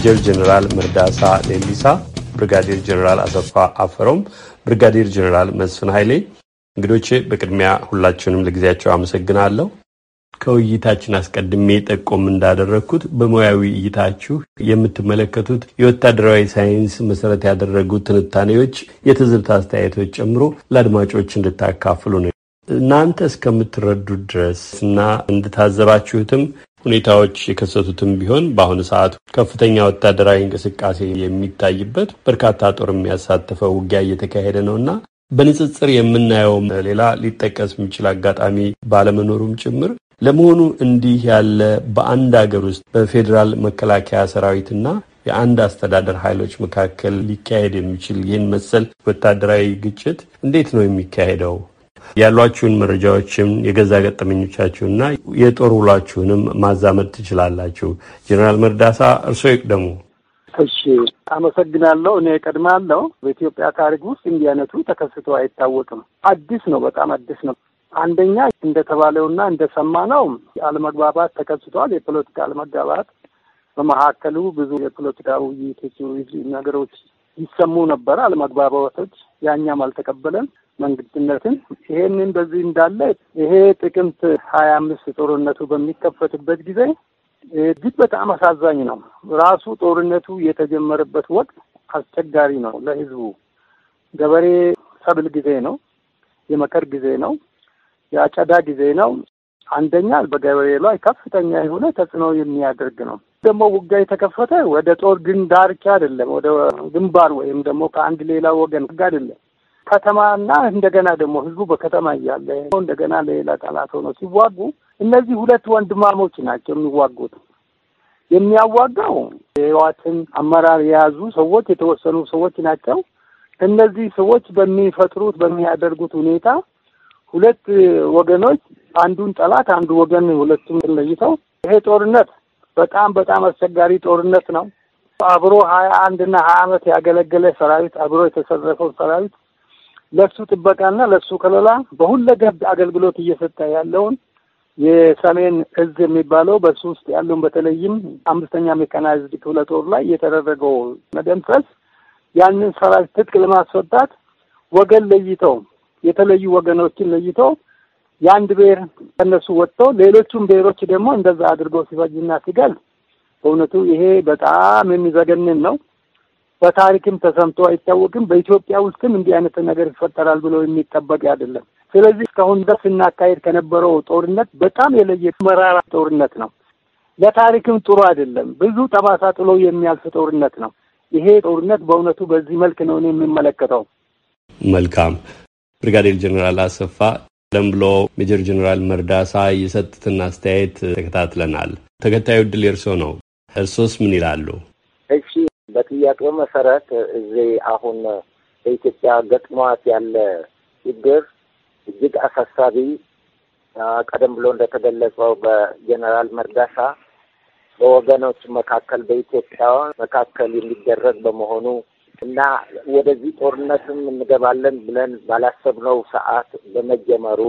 ሜጀር ጀኔራል መርዳሳ ሌሊሳ፣ ብርጋዴር ጀኔራል አሰፋ አፈሮም፣ ብርጋዴር ጀኔራል መስፍን ኃይሌ እንግዶች በቅድሚያ ሁላችሁንም ለጊዜያቸው አመሰግናለሁ። ከውይይታችን አስቀድሜ ጠቆም እንዳደረግኩት በሙያዊ እይታችሁ የምትመለከቱት የወታደራዊ ሳይንስ መሰረት ያደረጉ ትንታኔዎች፣ የትዝብት አስተያየቶች ጨምሮ ለአድማጮች እንድታካፍሉ ነው። እናንተ እስከምትረዱት ድረስ እና እንድታዘባችሁትም ሁኔታዎች የከሰቱትም ቢሆን በአሁኑ ሰዓት ከፍተኛ ወታደራዊ እንቅስቃሴ የሚታይበት በርካታ ጦር የሚያሳተፈው ውጊያ እየተካሄደ ነው እና በንጽጽር የምናየው ሌላ ሊጠቀስ የሚችል አጋጣሚ ባለመኖሩም ጭምር ለመሆኑ እንዲህ ያለ በአንድ ሀገር ውስጥ በፌዴራል መከላከያ ሰራዊትና የአንድ አስተዳደር ኃይሎች መካከል ሊካሄድ የሚችል ይህን መሰል ወታደራዊ ግጭት እንዴት ነው የሚካሄደው? ያሏችሁን መረጃዎችም የገዛ ገጠመኞቻችሁና የጦር ውሏችሁንም ማዛመድ ትችላላችሁ። ጀኔራል መርዳሳ እርስዎ ይቅደሙ። እሺ፣ አመሰግናለሁ። እኔ እቀድማለሁ። በኢትዮጵያ ታሪክ ውስጥ እንዲህ አይነቱ ተከስቶ አይታወቅም። አዲስ ነው፣ በጣም አዲስ ነው። አንደኛ እንደተባለውና እንደሰማነው አለመግባባት ተከስቷል። የፖለቲካ አለመግባባት በመካከሉ ብዙ የፖለቲካ ውይይቶች ነገሮች ይሰሙ ነበር። አለመግባባቶች ያኛም አልተቀበለም። መንግስትነትን ይሄንን በዚህ እንዳለ ይሄ ጥቅምት ሀያ አምስት ጦርነቱ በሚከፈትበት ጊዜ እጅግ በጣም አሳዛኝ ነው። ራሱ ጦርነቱ የተጀመረበት ወቅት አስቸጋሪ ነው ለህዝቡ። ገበሬ ሰብል ጊዜ ነው፣ የመከር ጊዜ ነው፣ የአጨዳ ጊዜ ነው። አንደኛ በገበሬ ላይ ከፍተኛ የሆነ ተጽዕኖ የሚያደርግ ነው። ደግሞ ውጋ የተከፈተ ወደ ጦር ግን ዳርቻ አይደለም፣ ወደ ግንባር ወይም ደግሞ ከአንድ ሌላ ወገን ጋ አይደለም ከተማና እንደገና ደግሞ ህዝቡ በከተማ እያለ እንደገና ለሌላ ጠላት ሆነው ሲዋጉ እነዚህ ሁለት ወንድማሞች ናቸው የሚዋጉት። የሚያዋጋው የህዋትን አመራር የያዙ ሰዎች የተወሰኑ ሰዎች ናቸው። እነዚህ ሰዎች በሚፈጥሩት በሚያደርጉት ሁኔታ ሁለት ወገኖች አንዱን ጠላት አንዱ ወገን ሁለቱም ለይተው ይሄ ጦርነት በጣም በጣም አስቸጋሪ ጦርነት ነው። አብሮ ሀያ አንድ እና ሀያ አመት ያገለገለ ሰራዊት አብሮ የተሰረፈው ሰራዊት ለሱ ጥበቃና ለሱ ከለላ በሁለገብ አገልግሎት እየሰጠ ያለውን የሰሜን እዝ የሚባለው በሱ ውስጥ ያለውን በተለይም አምስተኛ ሜካናይዝድ ክፍለ ጦር ላይ የተደረገው መደምሰስ ያንን ሰራዊት ትጥቅ ለማስወጣት ወገን ለይተው የተለዩ ወገኖችን ለይተው የአንድ ብሔር ከነሱ ወጥተው ሌሎቹን ብሔሮች ደግሞ እንደዛ አድርገው ሲፈጅና ሲገል በእውነቱ ይሄ በጣም የሚዘገንን ነው። በታሪክም ተሰምቶ አይታወቅም። በኢትዮጵያ ውስጥም እንዲህ አይነት ነገር ይፈጠራል ብሎ የሚጠበቅ አይደለም። ስለዚህ እስካሁን ድረስ ስናካሄድ ከነበረው ጦርነት በጣም የለየ መራራ ጦርነት ነው። ለታሪክም ጥሩ አይደለም። ብዙ ጠባሳ ጥሎ የሚያልፍ ጦርነት ነው። ይሄ ጦርነት በእውነቱ በዚህ መልክ ነው እኔ የምመለከተው። መልካም ብሪጋዴር ጀኔራል አሰፋ ቀደም ብሎ ሜጀር ጀኔራል መርዳሳ የሰጡትን አስተያየት ተከታትለናል። ተከታዩ ድል የእርሶ ነው። እርሶስ ምን ይላሉ? እሺ በጥያቄው መሰረት እዚህ አሁን በኢትዮጵያ ገጥሟት ያለ ችግር እጅግ አሳሳቢ ቀደም ብሎ እንደተገለጸው በጀነራል መርዳሳ በወገኖች መካከል በኢትዮጵያ መካከል የሚደረግ በመሆኑ እና ወደዚህ ጦርነትም እንገባለን ብለን ባላሰብነው ሰዓት በመጀመሩ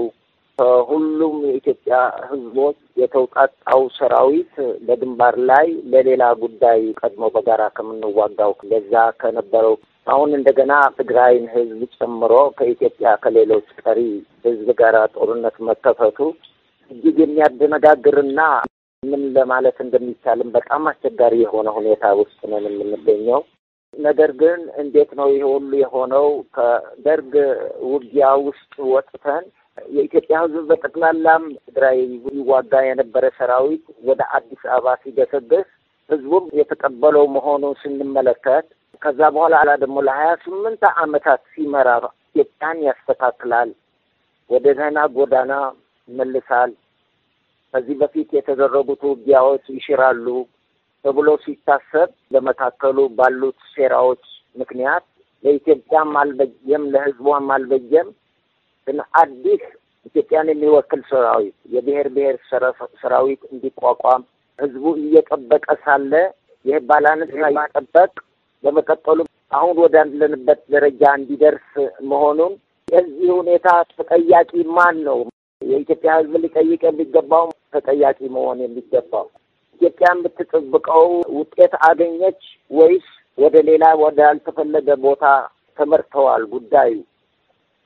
ከሁሉም የኢትዮጵያ ህዝቦች የተውጣጣው ሰራዊት በግንባር ላይ ለሌላ ጉዳይ ቀድሞ በጋራ ከምንዋጋው ለዛ ከነበረው አሁን እንደገና ትግራይን ህዝብ ጨምሮ ከኢትዮጵያ ከሌሎች ቀሪ ህዝብ ጋር ጦርነት መከፈቱ እጅግ የሚያደነጋግርና ምን ለማለት እንደሚቻልም በጣም አስቸጋሪ የሆነ ሁኔታ ውስጥ ነን የምንገኘው። ነገር ግን እንዴት ነው ይህ ሁሉ የሆነው? ከደርግ ውጊያ ውስጥ ወጥተን የኢትዮጵያ ሕዝብ በጠቅላላም ትግራይ ይዋጋ የነበረ ሰራዊት ወደ አዲስ አበባ ሲገሰገስ ሕዝቡም የተቀበለው መሆኑን ስንመለከት ከዛ በኋላ አላ ደግሞ ለሀያ ስምንት ዓመታት ሲመራ ኢትዮጵያን ያስተካክላል፣ ወደ ደህና ጎዳና ይመልሳል፣ ከዚህ በፊት የተደረጉት ውጊያዎች ይሽራሉ ተብሎ ሲታሰብ በመካከሉ ባሉት ሴራዎች ምክንያት ለኢትዮጵያም ማልበየም ለህዝቧ ማልበየም ። ግን አዲስ ኢትዮጵያን የሚወክል ሰራዊት የብሔር ብሔር ሰራዊት እንዲቋቋም ህዝቡ እየጠበቀ ሳለ ይህ ባላንስ በመቀጠሉ አሁን ወዳለንበት ደረጃ እንዲደርስ መሆኑን የዚህ ሁኔታ ተጠያቂ ማን ነው? የኢትዮጵያ ህዝብ ሊጠይቅ የሚገባው ተጠያቂ መሆን የሚገባው ኢትዮጵያ የምትጠብቀው ውጤት አገኘች ወይስ ወደ ሌላ ወዳልተፈለገ ቦታ ተመርተዋል ጉዳዩ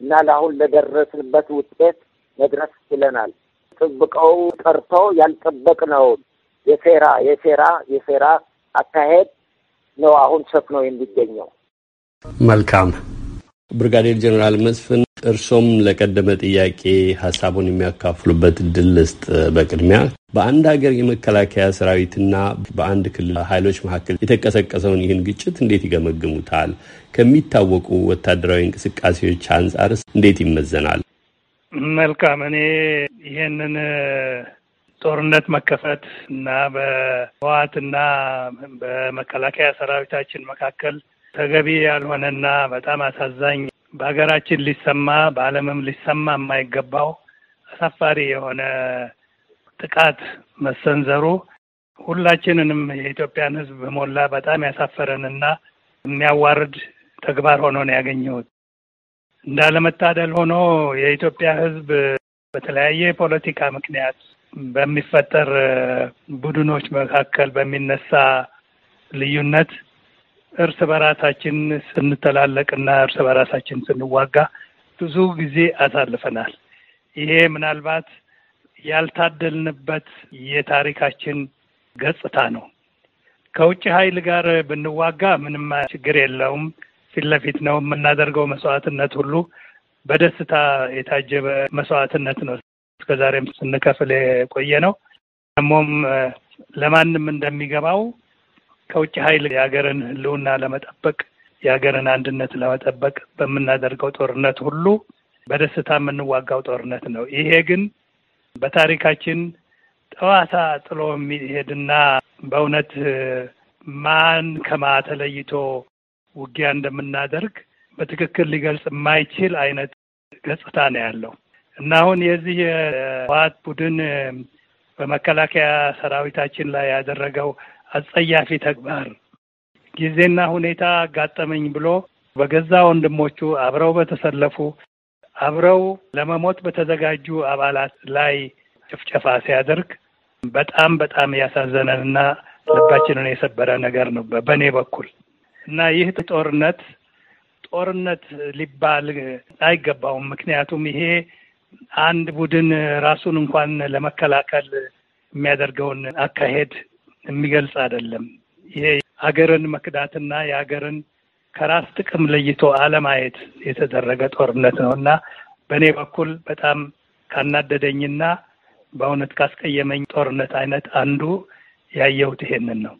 እና ለአሁን ለደረስንበት ውጤት መድረስ ችለናል። ጥብቀው ቀርቶ ያልጠበቅነው የሴራ የሴራ የሴራ አካሄድ ነው አሁን ሰፍኖ የሚገኘው። መልካም ብርጋዴር ጀኔራል መስፍን እርሶም ለቀደመ ጥያቄ ሀሳቡን የሚያካፍሉበት እድል ልስጥ። በቅድሚያ በአንድ ሀገር የመከላከያ ሰራዊትና በአንድ ክልል ኃይሎች መካከል የተቀሰቀሰውን ይህን ግጭት እንዴት ይገመግሙታል? ከሚታወቁ ወታደራዊ እንቅስቃሴዎች አንጻርስ እንዴት ይመዘናል? መልካም። እኔ ይህንን ጦርነት መከፈት እና በህወሓት በመከላከያ ሰራዊታችን መካከል ተገቢ ያልሆነና በጣም አሳዛኝ በሀገራችን ሊሰማ በዓለምም ሊሰማ የማይገባው አሳፋሪ የሆነ ጥቃት መሰንዘሩ ሁላችንንም የኢትዮጵያን ሕዝብ በሞላ በጣም ያሳፈረንና የሚያዋርድ ተግባር ሆኖ ነው ያገኘሁት። እንዳለመታደል ሆኖ የኢትዮጵያ ሕዝብ በተለያየ የፖለቲካ ምክንያት በሚፈጠር ቡድኖች መካከል በሚነሳ ልዩነት እርስ በራሳችን ስንተላለቅና እርስ በራሳችን ስንዋጋ ብዙ ጊዜ አሳልፈናል። ይሄ ምናልባት ያልታደልንበት የታሪካችን ገጽታ ነው። ከውጭ ኃይል ጋር ብንዋጋ ምንም ችግር የለውም። ፊት ለፊት ነው የምናደርገው። መስዋዕትነት ሁሉ በደስታ የታጀበ መስዋዕትነት ነው። እስከዛሬም ስንከፍል የቆየ ነው። ደግሞም ለማንም እንደሚገባው ከውጭ ኃይል የሀገርን ህልውና ለመጠበቅ የሀገርን አንድነት ለመጠበቅ በምናደርገው ጦርነት ሁሉ በደስታ የምንዋጋው ጦርነት ነው። ይሄ ግን በታሪካችን ጠዋታ ጥሎ የሚሄድና በእውነት ማን ከማ ተለይቶ ውጊያ እንደምናደርግ በትክክል ሊገልጽ የማይችል አይነት ገጽታ ነው ያለው እና አሁን የዚህ የህወሓት ቡድን በመከላከያ ሰራዊታችን ላይ ያደረገው አጸያፊ ተግባር ጊዜና ሁኔታ አጋጠመኝ ብሎ በገዛ ወንድሞቹ አብረው በተሰለፉ አብረው ለመሞት በተዘጋጁ አባላት ላይ ጭፍጨፋ ሲያደርግ በጣም በጣም ያሳዘነንና እና ልባችንን የሰበረ ነገር ነው በእኔ በኩል እና ይህ ጦርነት ጦርነት ሊባል አይገባውም። ምክንያቱም ይሄ አንድ ቡድን ራሱን እንኳን ለመከላከል የሚያደርገውን አካሄድ የሚገልጽ አይደለም። ይሄ ሀገርን መክዳትና የሀገርን ከራስ ጥቅም ለይቶ አለማየት የተደረገ ጦርነት ነው እና በእኔ በኩል በጣም ካናደደኝና በእውነት ካስቀየመኝ ጦርነት አይነት አንዱ ያየሁት ይሄንን ነው።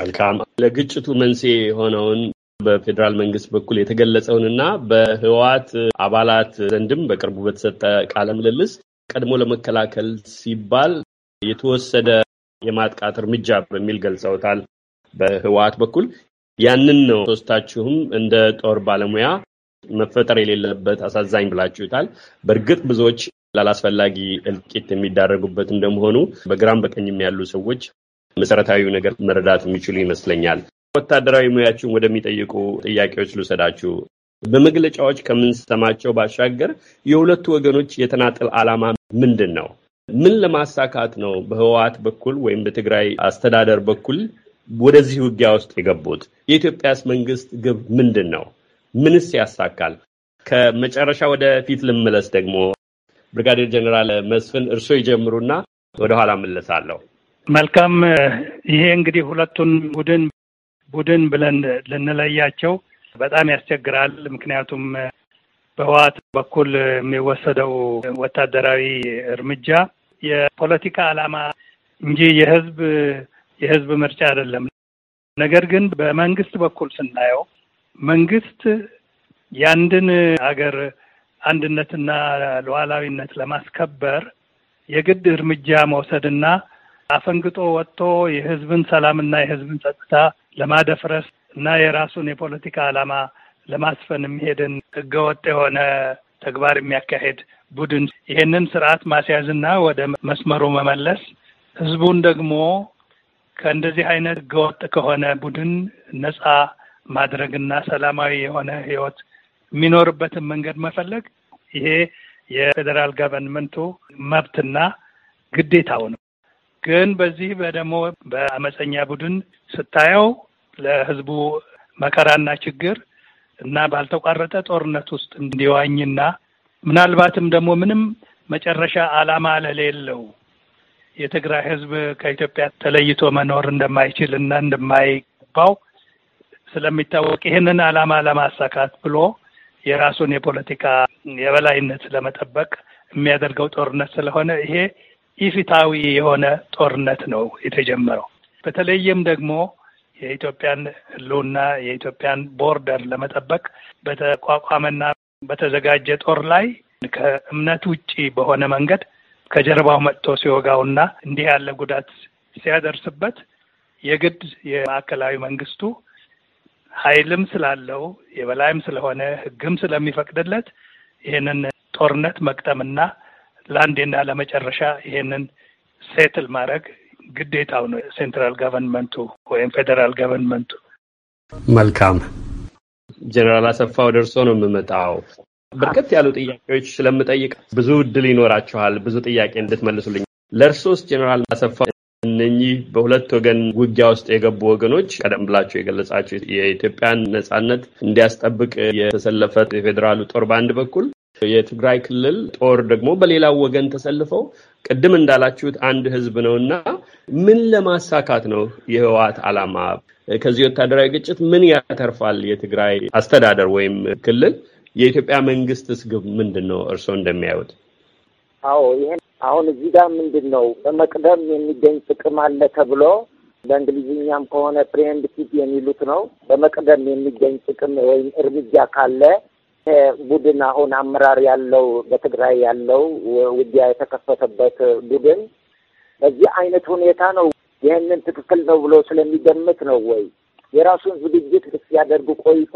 መልካም ለግጭቱ መንስኤ የሆነውን በፌዴራል መንግስት በኩል የተገለጸውንና በህወሓት አባላት ዘንድም በቅርቡ በተሰጠ ቃለ ምልልስ ቀድሞ ለመከላከል ሲባል የተወሰደ የማጥቃት እርምጃ በሚል ገልጸውታል በህወሀት በኩል። ያንን ነው ሶስታችሁም እንደ ጦር ባለሙያ መፈጠር የሌለበት አሳዛኝ ብላችሁታል። በእርግጥ ብዙዎች ላላስፈላጊ እልቂት የሚዳረጉበት እንደመሆኑ በግራም በቀኝም ያሉ ሰዎች መሰረታዊ ነገር መረዳት የሚችሉ ይመስለኛል። ወታደራዊ ሙያችሁን ወደሚጠይቁ ጥያቄዎች ልውሰዳችሁ። በመግለጫዎች ከምንሰማቸው ባሻገር የሁለቱ ወገኖች የተናጠል ዓላማ ምንድን ነው? ምን ለማሳካት ነው በህወሓት በኩል ወይም በትግራይ አስተዳደር በኩል ወደዚህ ውጊያ ውስጥ የገቡት? የኢትዮጵያስ መንግስት ግብ ምንድን ነው? ምንስ ያሳካል? ከመጨረሻ ወደፊት ልመለስ። ደግሞ ብርጋዴር ጀኔራል መስፍን እርስዎ ይጀምሩና ወደኋላ መለሳለሁ። መልካም። ይሄ እንግዲህ ሁለቱን ቡድን ቡድን ብለን ልንለያቸው በጣም ያስቸግራል። ምክንያቱም በህወሓት በኩል የሚወሰደው ወታደራዊ እርምጃ የፖለቲካ ዓላማ እንጂ የህዝብ የህዝብ ምርጫ አይደለም። ነገር ግን በመንግስት በኩል ስናየው መንግስት የአንድን ሀገር አንድነትና ሉዓላዊነት ለማስከበር የግድ እርምጃ መውሰድና አፈንግጦ ወጥቶ የህዝብን ሰላምና የህዝብን ጸጥታ ለማደፍረስ እና የራሱን የፖለቲካ ዓላማ ለማስፈን የሚሄድን ህገወጥ የሆነ ተግባር የሚያካሄድ ቡድን ይሄንን ስርዓት ማስያዝና ወደ መስመሩ መመለስ ህዝቡን ደግሞ ከእንደዚህ አይነት ህገወጥ ከሆነ ቡድን ነፃ ማድረግና ሰላማዊ የሆነ ህይወት የሚኖርበትን መንገድ መፈለግ ይሄ የፌዴራል ገቨርንመንቱ መብትና ግዴታው ነው። ግን በዚህ በደግሞ በአመፀኛ ቡድን ስታየው ለህዝቡ መከራና ችግር እና ባልተቋረጠ ጦርነት ውስጥ እንዲዋኝና ምናልባትም ደግሞ ምንም መጨረሻ ዓላማ ለሌለው የትግራይ ሕዝብ ከኢትዮጵያ ተለይቶ መኖር እንደማይችል እና እንደማይገባው ስለሚታወቅ ይህንን ዓላማ ለማሳካት ብሎ የራሱን የፖለቲካ የበላይነት ለመጠበቅ የሚያደርገው ጦርነት ስለሆነ ይሄ ኢፍትሐዊ የሆነ ጦርነት ነው የተጀመረው። በተለይም ደግሞ የኢትዮጵያን ህልውና የኢትዮጵያን ቦርደር ለመጠበቅ በተቋቋመና በተዘጋጀ ጦር ላይ ከእምነት ውጪ በሆነ መንገድ ከጀርባው መጥቶ ሲወጋውና እንዲህ ያለ ጉዳት ሲያደርስበት የግድ የማዕከላዊ መንግስቱ ኃይልም ስላለው የበላይም ስለሆነ ህግም ስለሚፈቅድለት ይህንን ጦርነት መቅጠምና ለአንዴና ለመጨረሻ ይህንን ሴትል ማድረግ ግዴታው ነው ሴንትራል ገቨርንመንቱ ወይም ፌዴራል ገቨርንመንቱ። መልካም ጀኔራል አሰፋ ወደ እርሶ ነው የምመጣው። በርከት ያሉ ጥያቄዎች ስለምጠይቅ ብዙ እድል ይኖራችኋል፣ ብዙ ጥያቄ እንድትመልሱልኝ። ለእርሶስ ጀኔራል አሰፋ እነኚህ በሁለት ወገን ውጊያ ውስጥ የገቡ ወገኖች ቀደም ብላቸው የገለጻቸው የኢትዮጵያን ነጻነት እንዲያስጠብቅ የተሰለፈ የፌዴራሉ ጦር በአንድ በኩል የትግራይ ክልል ጦር ደግሞ በሌላው ወገን ተሰልፈው ቅድም እንዳላችሁት አንድ ህዝብ ነውና ምን ለማሳካት ነው የህወሓት አላማ ከዚህ ወታደራዊ ግጭት ምን ያተርፋል የትግራይ አስተዳደር ወይም ክልል? የኢትዮጵያ መንግስትስ ግብ ምንድን ነው? እርስዎ እንደሚያዩት? አዎ ይህን አሁን እዚህ ጋር ምንድን ነው በመቅደም የሚገኝ ጥቅም አለ ተብሎ በእንግሊዝኛም ከሆነ ፊት የሚሉት ነው። በመቅደም የሚገኝ ጥቅም ወይም እርምጃ ካለ ቡድን አሁን አመራር ያለው በትግራይ ያለው ውጊያ የተከፈተበት ቡድን በዚህ አይነት ሁኔታ ነው። ይህንን ትክክል ነው ብሎ ስለሚገምት ነው ወይ የራሱን ዝግጅት ሲያደርጉ ቆይቶ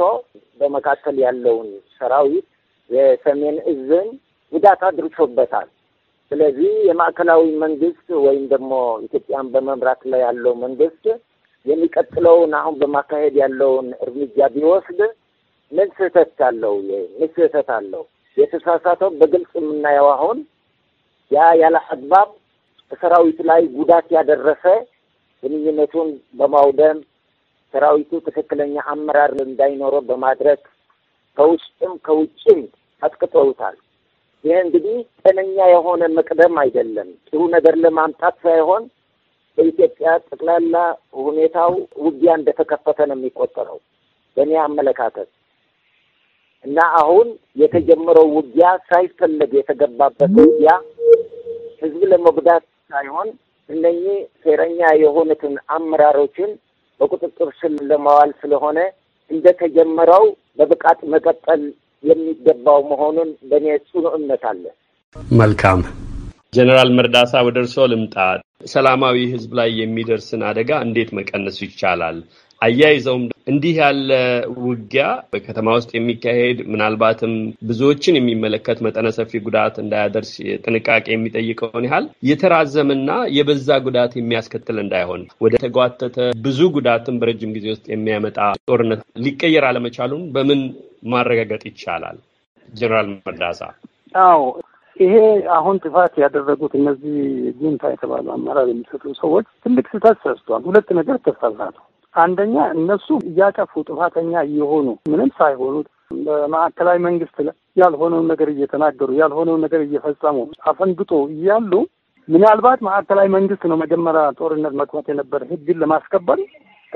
በመካከል ያለውን ሰራዊት የሰሜን እዝን ጉዳት አድርሶበታል። ስለዚህ የማዕከላዊ መንግስት ወይም ደግሞ ኢትዮጵያን በመምራት ላይ ያለው መንግስት የሚቀጥለውን አሁን በማካሄድ ያለውን እርምጃ ቢወስድ ምን ስህተት አለው? ምን ስህተት አለው? የተሳሳተው በግልጽ የምናየው አሁን ያ ያለ አግባብ በሰራዊት ላይ ጉዳት ያደረሰ ግንኙነቱን በማውደም ሰራዊቱ ትክክለኛ አመራር እንዳይኖረው በማድረግ ከውስጥም ከውጭም አጥቅጠውታል። ይህ እንግዲህ ጤነኛ የሆነ መቅደም አይደለም። ጥሩ ነገር ለማምጣት ሳይሆን በኢትዮጵያ ጠቅላላ ሁኔታው ውጊያ እንደተከፈተ ነው የሚቆጠረው በእኔ አመለካከት። እና አሁን የተጀመረው ውጊያ ሳይፈለግ የተገባበት ውጊያ ህዝብ ለመጉዳት ሳይሆን እነኚህ ሴረኛ የሆኑትን አመራሮችን በቁጥጥር ስር ለማዋል ስለሆነ እንደተጀመረው በብቃት መቀጠል የሚገባው መሆኑን በእኔ ጽኑ እምነት አለ። መልካም ጀኔራል መርዳሳ ወደ እርስዎ ልምጣ። ሰላማዊ ህዝብ ላይ የሚደርስን አደጋ እንዴት መቀነስ ይቻላል? አያይዘውም እንዲህ ያለ ውጊያ በከተማ ውስጥ የሚካሄድ ምናልባትም ብዙዎችን የሚመለከት መጠነ ሰፊ ጉዳት እንዳያደርስ ጥንቃቄ የሚጠይቀውን ያህል የተራዘመና የበዛ ጉዳት የሚያስከትል እንዳይሆን ወደ ተጓተተ ብዙ ጉዳትን በረጅም ጊዜ ውስጥ የሚያመጣ ጦርነት ሊቀየር አለመቻሉን በምን ማረጋገጥ ይቻላል? ጀኔራል መርዳሳ። አዎ ይሄ አሁን ጥፋት ያደረጉት እነዚህ ጉንታ የተባሉ አመራር የሚሰጡ ሰዎች ትልቅ ስህተት ሰርቷል። ሁለት ነገር ነው አንደኛ እነሱ እያጠፉ ጥፋተኛ እየሆኑ ምንም ሳይሆኑ በማዕከላዊ መንግስት ያልሆነውን ነገር እየተናገሩ ያልሆነውን ነገር እየፈጸሙ አፈንግጦ እያሉ ምናልባት ማዕከላዊ መንግስት ነው መጀመሪያ ጦርነት መግባት የነበረ ህግን ለማስከበር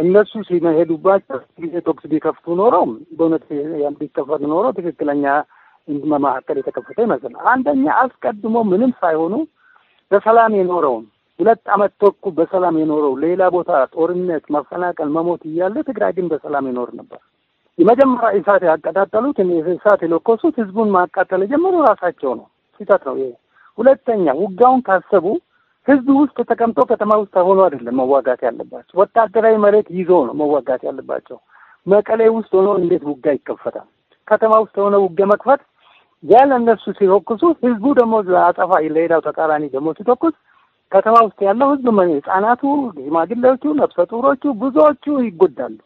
እነሱ ሲመሄዱባቸው ጊዜ ቶክስ ቢከፍቱ ኖሮ በእውነት ቢከፈት ኖሮ ትክክለኛ መካከል የተከፈተ ይመስላል። አንደኛ አስቀድሞ ምንም ሳይሆኑ በሰላም የኖረውን ሁለት አመት ተኩል በሰላም የኖረው ሌላ ቦታ ጦርነት፣ መፈናቀል፣ መሞት እያለ ትግራይ ግን በሰላም ይኖር ነበር። የመጀመሪያ እሳት ያቀጣጠሉት እሳት የለኮሱት ህዝቡን ማቃጠል የጀመሩ ራሳቸው ነው። ስህተት ነው ይሄ። ሁለተኛ ውጋውን ካሰቡ ህዝብ ውስጥ ተቀምጦ ከተማ ውስጥ ሆኖ አይደለም መዋጋት ያለባቸው። ወታደራዊ መሬት ይዞ ነው መዋጋት ያለባቸው። መቀሌ ውስጥ ሆኖ እንዴት ውጋ ይከፈታል? ከተማ ውስጥ ሆነ ውጋ መክፈት ያለ እነሱ ሲተኩሱ፣ ህዝቡ ደግሞ አጸፋ ሌላው ተቃራኒ ደግሞ ሲተኩስ ከተማ ውስጥ ያለው ህዝብ ህጻናቱ፣ ሽማግሌዎቹ፣ ነፍሰ ጡሮቹ ብዙዎቹ ይጎዳሉ።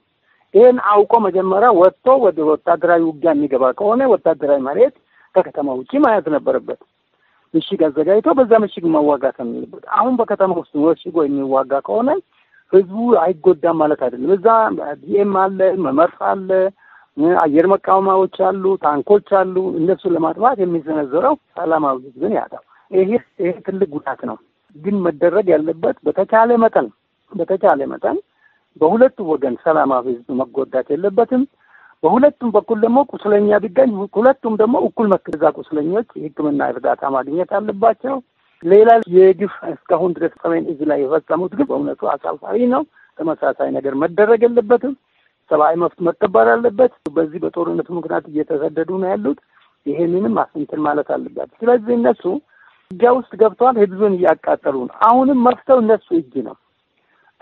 ይህን አውቆ መጀመሪያ ወጥቶ ወደ ወታደራዊ ውጊያ የሚገባ ከሆነ ወታደራዊ መሬት ከከተማ ውጭ ማየት ነበረበት። ምሽግ አዘጋጅቶ በዛ ምሽግ መዋጋ ከሚልበት አሁን በከተማ ውስጥ ወሽጎ የሚዋጋ ከሆነ ህዝቡ አይጎዳም ማለት አይደለም። እዛ ዲኤም አለ፣ መመርፍ አለ፣ አየር መቃወሚያዎች አሉ፣ ታንኮች አሉ። እነሱን ለማጥፋት የሚዘነዘረው ሰላማዊ ህዝብን ያጣው። ይሄ ይሄ ትልቅ ጉዳት ነው። ግን መደረግ ያለበት በተቻለ መጠን በተቻለ መጠን በሁለቱ ወገን ሰላማዊ ህዝብ መጎዳት የለበትም። በሁለቱም በኩል ደግሞ ቁስለኛ ቢገኝ ሁለቱም ደግሞ እኩል መክዛ ቁስለኞች የህክምና እርዳታ ማግኘት አለባቸው። ሌላ የግፍ እስካሁን ድረስ ሰሜን እዝ ላይ የፈጸሙት ግን በእውነቱ አሳፋሪ ነው። ተመሳሳይ ነገር መደረግ የለበትም። ሰብአዊ መብት መከበር አለበት። በዚህ በጦርነቱ ምክንያት እየተሰደዱ ነው ያሉት። ይሄንንም አስንትን ማለት አለባቸው። ስለዚህ እነሱ እጃ ውስጥ ገብተዋል። ህዝብን እያቃጠሉ ነው። አሁንም መፍተው እነሱ እጅ ነው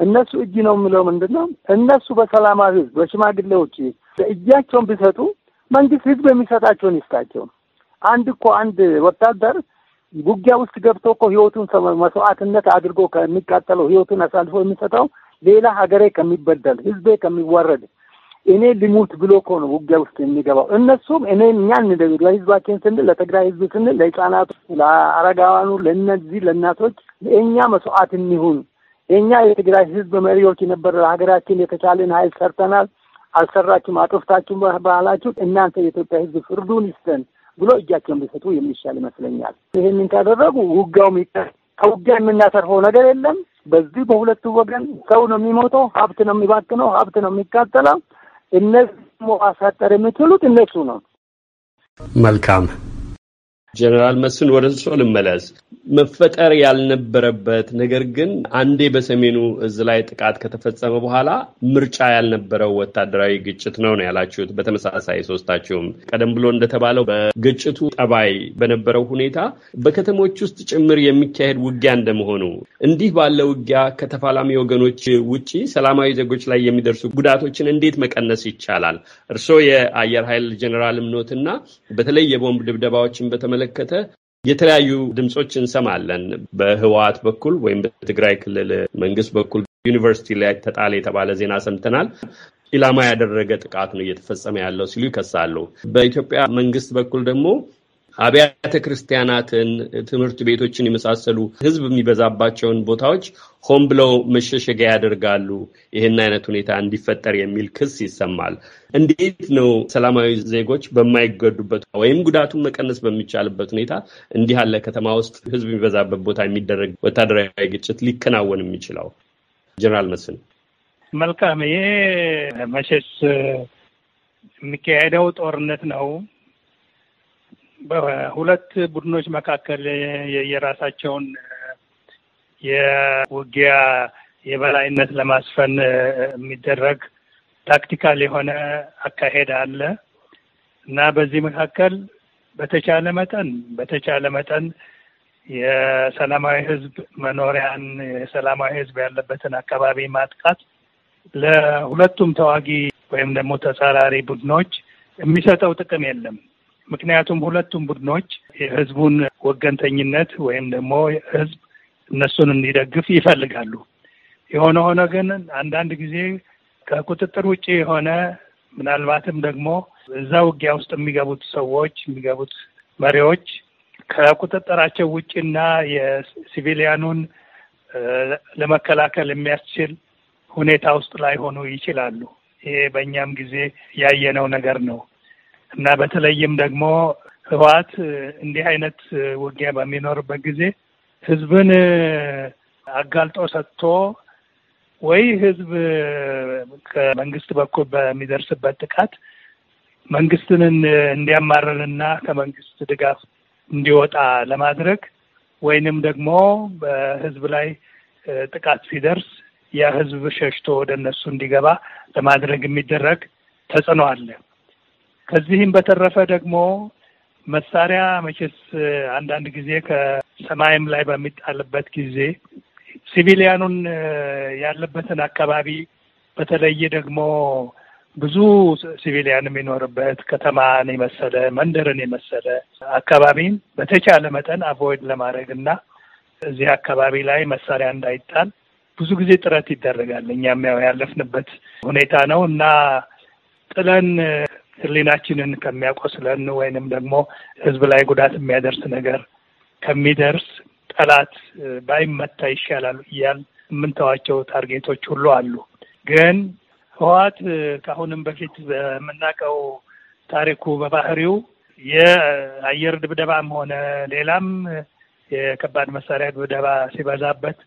እነሱ እጅ ነው የምለው ምንድን ነው? እነሱ በሰላማዊ ህዝብ በሽማግሌዎች እጃቸውን ቢሰጡ መንግስት ህዝብ የሚሰጣቸውን ይስጣቸው። አንድ እኮ አንድ ወታደር ውጊያ ውስጥ ገብቶ እኮ ህይወቱን መስዋዕትነት አድርጎ ከሚቃጠለው ህይወቱን አሳልፎ የሚሰጠው ሌላ ሀገሬ ከሚበደል ህዝቤ ከሚዋረድ እኔ ልሙት ብሎ እኮ ነው ውጊያ ውስጥ የሚገባው። እነሱም እኔ እኛን ለህዝባችን ስንል ለትግራይ ህዝብ ስንል ለህፃናቱ፣ ለአረጋውያኑ፣ ለእነዚህ ለእናቶች ለእኛ መስዋዕት እንሁን። እኛ የትግራይ ህዝብ መሪዎች የነበረ ለሀገራችን የተቻለን ሀይል ሰርተናል። አልሰራችሁም፣ አጥፍታችሁም ባህላችሁ፣ እናንተ የኢትዮጵያ ህዝብ ፍርዱን ይስጠን ብሎ እጃቸውን ቢሰጡ የሚሻል ይመስለኛል። ይህንን ካደረጉ ውጊያው ይቀር። ከውጊያ የምናተርፈው ነገር የለም። በዚህ በሁለቱ ወገን ሰው ነው የሚሞተው፣ ሀብት ነው የሚባክነው፣ ሀብት ነው የሚቃጠለው። እነሱ አሳጠር የምትሉት እነሱ ነው። መልካም ጀነራል መስፍን ወደ እርሶ ልመለስ። መፈጠር ያልነበረበት ነገር ግን አንዴ በሰሜኑ እዝ ላይ ጥቃት ከተፈጸመ በኋላ ምርጫ ያልነበረው ወታደራዊ ግጭት ነው ነው ያላችሁት። በተመሳሳይ ሶስታችሁም ቀደም ብሎ እንደተባለው በግጭቱ ጠባይ በነበረው ሁኔታ በከተሞች ውስጥ ጭምር የሚካሄድ ውጊያ እንደመሆኑ እንዲህ ባለ ውጊያ ከተፋላሚ ወገኖች ውጪ ሰላማዊ ዜጎች ላይ የሚደርሱ ጉዳቶችን እንዴት መቀነስ ይቻላል? እርሶ የአየር ኃይል ጀኔራልም እምኖትና በተለይ የቦምብ ድብደባዎችን በተመለ በተመለከተ የተለያዩ ድምፆች እንሰማለን። በህወሓት በኩል ወይም በትግራይ ክልል መንግስት በኩል ዩኒቨርሲቲ ላይ ተጣለ የተባለ ዜና ሰምተናል። ኢላማ ያደረገ ጥቃት ነው እየተፈጸመ ያለው ሲሉ ይከሳሉ። በኢትዮጵያ መንግስት በኩል ደግሞ አብያተ ክርስቲያናትን፣ ትምህርት ቤቶችን የመሳሰሉ ህዝብ የሚበዛባቸውን ቦታዎች ሆን ብለው መሸሸጊያ ያደርጋሉ። ይህን አይነት ሁኔታ እንዲፈጠር የሚል ክስ ይሰማል። እንዴት ነው ሰላማዊ ዜጎች በማይገዱበት ወይም ጉዳቱን መቀነስ በሚቻልበት ሁኔታ እንዲህ ያለ ከተማ ውስጥ ህዝብ የሚበዛበት ቦታ የሚደረግ ወታደራዊ ግጭት ሊከናወን የሚችለው? ጀነራል መስፍን መልካም። ይሄ መቼስ የሚካሄደው ጦርነት ነው። በሁለት ቡድኖች መካከል የራሳቸውን የውጊያ የበላይነት ለማስፈን የሚደረግ ታክቲካል የሆነ አካሄድ አለ እና በዚህ መካከል በተቻለ መጠን በተቻለ መጠን የሰላማዊ ሕዝብ መኖሪያን የሰላማዊ ሕዝብ ያለበትን አካባቢ ማጥቃት ለሁለቱም ተዋጊ ወይም ደግሞ ተጻራሪ ቡድኖች የሚሰጠው ጥቅም የለም። ምክንያቱም ሁለቱም ቡድኖች የህዝቡን ወገንተኝነት ወይም ደግሞ ህዝብ እነሱን እንዲደግፍ ይፈልጋሉ። የሆነ ሆነ ግን አንዳንድ ጊዜ ከቁጥጥር ውጭ የሆነ ምናልባትም ደግሞ እዛ ውጊያ ውስጥ የሚገቡት ሰዎች የሚገቡት መሪዎች ከቁጥጥራቸው ውጭና የሲቪሊያኑን ለመከላከል የሚያስችል ሁኔታ ውስጥ ላይ ሆኑ ይችላሉ። ይሄ በእኛም ጊዜ ያየነው ነገር ነው። እና በተለይም ደግሞ ህወሓት እንዲህ አይነት ውጊያ በሚኖርበት ጊዜ ህዝብን አጋልጦ ሰጥቶ ወይ ህዝብ ከመንግስት በኩል በሚደርስበት ጥቃት መንግስትን እንዲያማርርና ከመንግስት ድጋፍ እንዲወጣ ለማድረግ ወይንም ደግሞ በህዝብ ላይ ጥቃት ሲደርስ ያ ህዝብ ሸሽቶ ወደ እነሱ እንዲገባ ለማድረግ የሚደረግ ተጽዕኖ አለ። ከዚህም በተረፈ ደግሞ መሳሪያ መቼስ አንዳንድ ጊዜ ከሰማይም ላይ በሚጣልበት ጊዜ ሲቪሊያኑን ያለበትን አካባቢ በተለየ ደግሞ ብዙ ሲቪሊያን የሚኖርበት ከተማን የመሰለ መንደርን የመሰለ አካባቢን በተቻለ መጠን አቮይድ ለማድረግ እና እዚህ አካባቢ ላይ መሳሪያ እንዳይጣል ብዙ ጊዜ ጥረት ይደረጋል። እኛም ያው ያለፍንበት ሁኔታ ነው እና ጥለን ሕሊናችንን ከሚያቆስለን ወይንም ደግሞ ህዝብ ላይ ጉዳት የሚያደርስ ነገር ከሚደርስ ጠላት ባይመታ ይሻላል እያል የምንተዋቸው ታርጌቶች ሁሉ አሉ። ግን ህወሓት ከአሁንም በፊት በምናውቀው ታሪኩ በባህሪው የአየር ድብደባም ሆነ ሌላም የከባድ መሳሪያ ድብደባ ሲበዛበት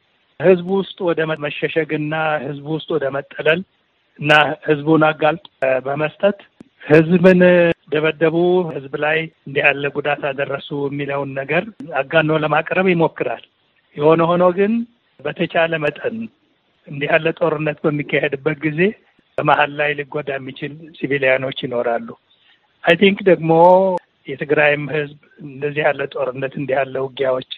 ህዝቡ ውስጥ ወደ መሸሸግና ህዝቡ ውስጥ ወደ መጠለል እና ህዝቡን አጋልጦ በመስጠት ህዝብን ደበደቡ፣ ህዝብ ላይ እንዲህ ያለ ጉዳት አደረሱ የሚለውን ነገር አጋኖ ለማቅረብ ይሞክራል። የሆነ ሆኖ ግን በተቻለ መጠን እንዲህ ያለ ጦርነት በሚካሄድበት ጊዜ በመሀል ላይ ሊጎዳ የሚችል ሲቪሊያኖች ይኖራሉ። አይ ቲንክ ደግሞ የትግራይም ህዝብ እንደዚህ ያለ ጦርነት እንዲህ ያለ ውጊያዎች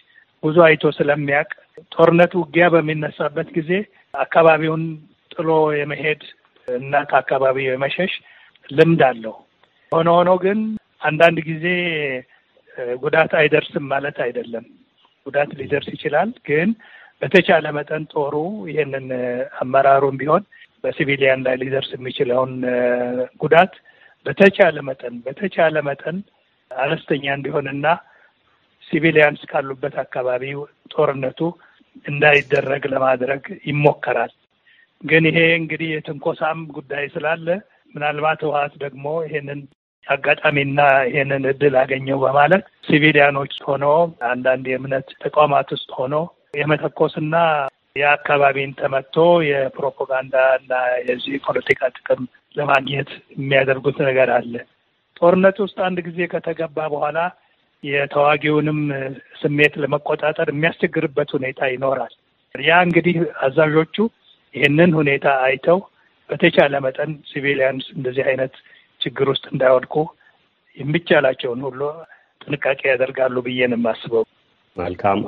ብዙ አይቶ ስለሚያውቅ ጦርነት ውጊያ በሚነሳበት ጊዜ አካባቢውን ጥሎ የመሄድ እና ከአካባቢው የመሸሽ ልምድ አለው። ሆነ ሆኖ ግን አንዳንድ ጊዜ ጉዳት አይደርስም ማለት አይደለም። ጉዳት ሊደርስ ይችላል። ግን በተቻለ መጠን ጦሩ ይህንን አመራሩም ቢሆን በሲቪሊያን ላይ ሊደርስ የሚችለውን ጉዳት በተቻለ መጠን በተቻለ መጠን አነስተኛ እንዲሆንና ሲቪሊያንስ ካሉበት አካባቢ ጦርነቱ እንዳይደረግ ለማድረግ ይሞከራል። ግን ይሄ እንግዲህ የትንኮሳም ጉዳይ ስላለ ምናልባት ህወሀት ደግሞ ይሄንን አጋጣሚና ይሄንን እድል አገኘው በማለት ሲቪሊያኖች ሆኖ አንዳንድ የእምነት ተቋማት ውስጥ ሆኖ የመተኮስና የአካባቢን ተመቶ የፕሮፓጋንዳ እና የዚህ ፖለቲካ ጥቅም ለማግኘት የሚያደርጉት ነገር አለ። ጦርነት ውስጥ አንድ ጊዜ ከተገባ በኋላ የተዋጊውንም ስሜት ለመቆጣጠር የሚያስቸግርበት ሁኔታ ይኖራል። ያ እንግዲህ አዛዦቹ ይህንን ሁኔታ አይተው በተቻለ መጠን ሲቪሊያንስ እንደዚህ አይነት ችግር ውስጥ እንዳይወድቁ የሚቻላቸውን ሁሉ ጥንቃቄ ያደርጋሉ ብዬ ነው የማስበው። መልካም